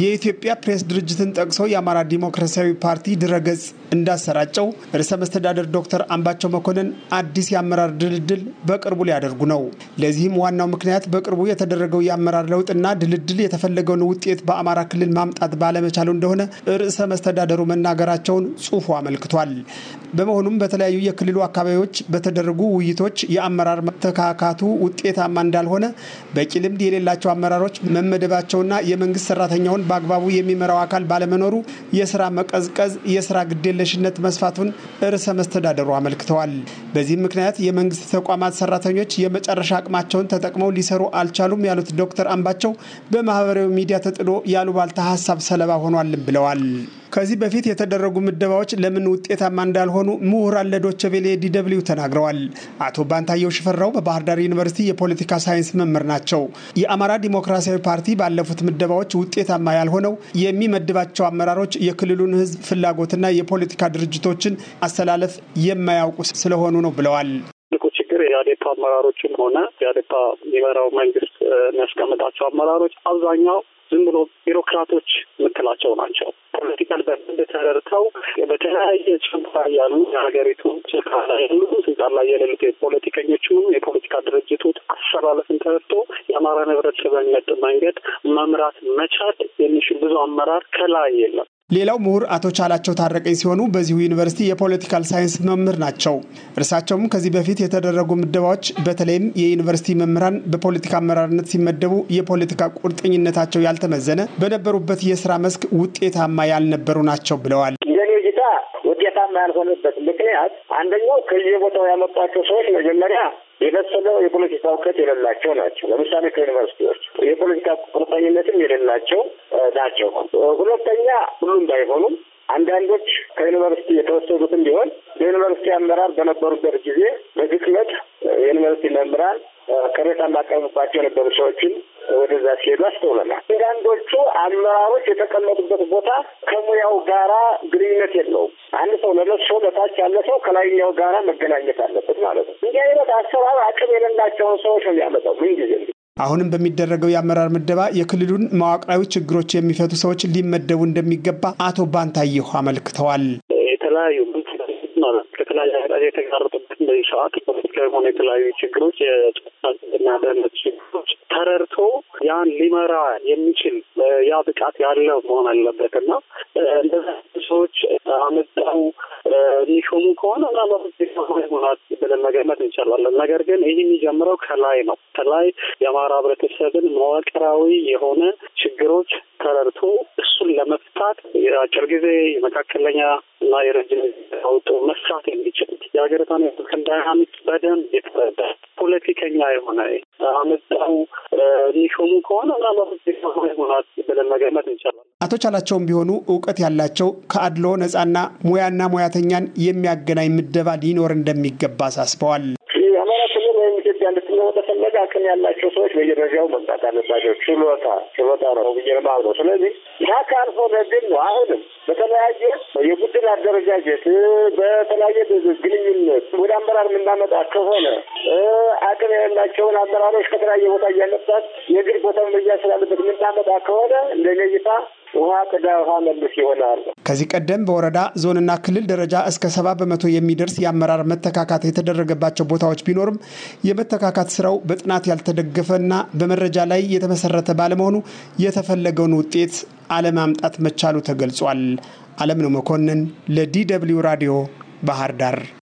የኢትዮጵያ ፕሬስ ድርጅትን ጠቅሰው የአማራ ዲሞክራሲያዊ ፓርቲ ድረገጽ እንዳሰራጨው ርዕሰ መስተዳደር ዶክተር አምባቸው መኮንን አዲስ የአመራር ድልድል በቅርቡ ሊያደርጉ ነው። ለዚህም ዋናው ምክንያት በቅርቡ የተደረገው የአመራር ለውጥና ድልድል የተፈለገውን ውጤት በአማራ ክልል ማምጣት ባለመቻሉ እንደሆነ ርዕሰ መስተዳደሩ መናገራቸውን ጽሑፉ አመልክቷል። በመሆኑም በተለያዩ የክልሉ አካባቢዎች በተደረጉ ውይይቶች የአመራር መተካካቱ ውጤታማ እንዳልሆነ፣ በቂ ልምድ የሌላቸው አመራሮች መመደባቸውና የመንግስት ሰራተኛውን በአግባቡ የሚመራው አካል ባለመኖሩ የስራ መቀዝቀዝ፣ የስራ ግዴለሽነት መስፋቱን ርዕሰ መስተዳደሩ አመልክተዋል። በዚህም ምክንያት የመንግስት ተቋማት ሰራተኞች የመጨረሻ አቅማቸውን ተጠቅመው ሊሰሩ አልቻሉም ያሉት ዶክተር አምባቸው በማህበራዊ ሚዲያ ተጥሎ ያሉባልታ ሀሳብ ሰለባ ሆኗልም ብለዋል። ከዚህ በፊት የተደረጉ ምደባዎች ለምን ውጤታማ እንዳልሆኑ ምሁራን ለዶቼ ቬለ ተናግረዋል። አቶ ባንታየው ሽፈራው በባህር ዳር ዩኒቨርሲቲ የፖለቲካ ሳይንስ መምህር ናቸው። የአማራ ዲሞክራሲያዊ ፓርቲ ባለፉት ምደባዎች ውጤታማ ያልሆነው የሚመድባቸው አመራሮች የክልሉን ሕዝብ ፍላጎትና የፖለቲካ ድርጅቶችን አስተላለፍ የማያውቁ ስለሆኑ ነው ብለዋል። የአዴፓ አመራሮችም ሆነ የአዴፓ የሚመራው መንግስት የሚያስቀምጣቸው አመራሮች አብዛኛው ዝም ብሎ ቢሮክራቶች ምክላቸው ናቸው። ፖለቲካል በደንብ ተረድተው በተለያየ ጭንፋ ያሉ የሀገሪቱ ጭልፋ ላይ ያሉ ስልጣን ላይ የሌሉት የፖለቲከኞቹ የፖለቲካ ድርጅቶች አሰላለፍን ተረድቶ የአማራ ንብረት በሚመጥ መንገድ መምራት መቻል የሚችል ብዙ አመራር ከላይ የለም። ሌላው ምሁር አቶ ቻላቸው ታረቀኝ ሲሆኑ በዚሁ ዩኒቨርሲቲ የፖለቲካል ሳይንስ መምህር ናቸው። እርሳቸውም ከዚህ በፊት የተደረጉ ምደባዎች በተለይም የዩኒቨርሲቲ መምህራን በፖለቲካ አመራርነት ሲመደቡ የፖለቲካ ቁርጠኝነታቸው ያልተመዘነ፣ በነበሩበት የስራ መስክ ውጤታማ ያልነበሩ ናቸው ብለዋል። ውጤታማ ያልሆነበት ምክንያት አንደኛው ከየቦታው ያመጧቸው ሰዎች መጀመሪያ የበሰለው የፖለቲካ እውቀት የሌላቸው ናቸው። ለምሳሌ ከዩኒቨርሲቲዎች የፖለቲካ ቁርጠኝነትም የሌላቸው ናቸው። ሁለተኛ ሁሉም ባይሆኑም አንዳንዶች ከዩኒቨርሲቲ የተወሰዱትም ቢሆን በዩኒቨርሲቲ አመራር በነበሩበት ጊዜ በግክመት የዩኒቨርሲቲ መምህራን ቅሬታ ማቀርብባቸው የነበሩ ሰዎችን ወደዛ ሲሄዱ አስተውለናል። አንዳንዶቹ አመራሮች የተቀመጡበት ቦታ ከሙያው ጋራ ግንኙነት የለውም። አንድ ሰው ለነሶ በታች ያለ ሰው ከላይኛው ጋራ መገናኘት አለበት ማለት ነው። እንዲህ አይነት አሰራር አቅም የሌላቸውን ሰዎች ነው የሚያመጣው ምንጊዜ አሁንም በሚደረገው የአመራር ምደባ የክልሉን መዋቅራዊ ችግሮች የሚፈቱ ሰዎች ሊመደቡ እንደሚገባ አቶ ባንታየሁ አመልክተዋል። የተለያዩ ማለት ከተለያየ አጋጣሚ የተጋረጡበት እንደዚህ ሰዓት ፖለቲካ ሆነ የተለያዩ ችግሮች የጸጥታና ደህንነት ችግሮች ተረድቶ ያን ሊመራ የሚችል ያ ብቃት ያለው መሆን አለበት እና እንደዚ ሰዎች አመጣው የሚሾሙ ከሆነ ና መሆናት ብለን መገመት እንችላለን። ነገር ግን ይህ የሚጀምረው ከላይ ነው። ከላይ የአማራ ህብረተሰብን መዋቅራዊ የሆነ ችግሮች ተረድቶ እሱን ለመፍታት የአጭር ጊዜ የመካከለኛ እና የረጅም አውጡ መስራት የሚችል የሀገሪቷን እንዳያምጥ በደንብ የተረዳ ፖለቲከኛ የሆነ አመጣው የሚሾሙ ከሆነ ምናልባት ብለን መገመት እንችላለን። አቶ ቻላቸውም ቢሆኑ እውቀት ያላቸው ከአድሎ ነጻና ሙያና ሙያተኛን የሚያገናኝ ምደባ ሊኖር እንደሚገባ አሳስበዋል። አቅም ያላቸው ሰዎች በየደረጃው መምጣት አለባቸው። ችሎታ ችሎታ ነው ብዬ ማለት ነው። ስለዚህ ያ ካልሆነ ግን ነው አሁንም በተለያየ የቡድን አደረጃጀት በተለያየ ግንኙነት ወደ አመራር የምናመጣ ከሆነ አቅም ያላቸውን አመራሮች ከተለያየ ቦታ እያነሳት የግል ቦታ መያ ስላለበት የምናመጣ ከሆነ እንደ እይታ ውሃ ቅዳ ውሃ መልስ ይሆናል። ከዚህ ቀደም በወረዳ ዞንና ክልል ደረጃ እስከ ሰባ በመቶ የሚደርስ የአመራር መተካካት የተደረገባቸው ቦታዎች ቢኖርም የመተካካት ስራው በጥናት ያልተደገፈና በመረጃ ላይ የተመሰረተ ባለመሆኑ የተፈለገውን ውጤት አለማምጣት መቻሉ ተገልጿል። አለምነው መኮንን ለዲ ደብልዩ ራዲዮ ባህር ዳር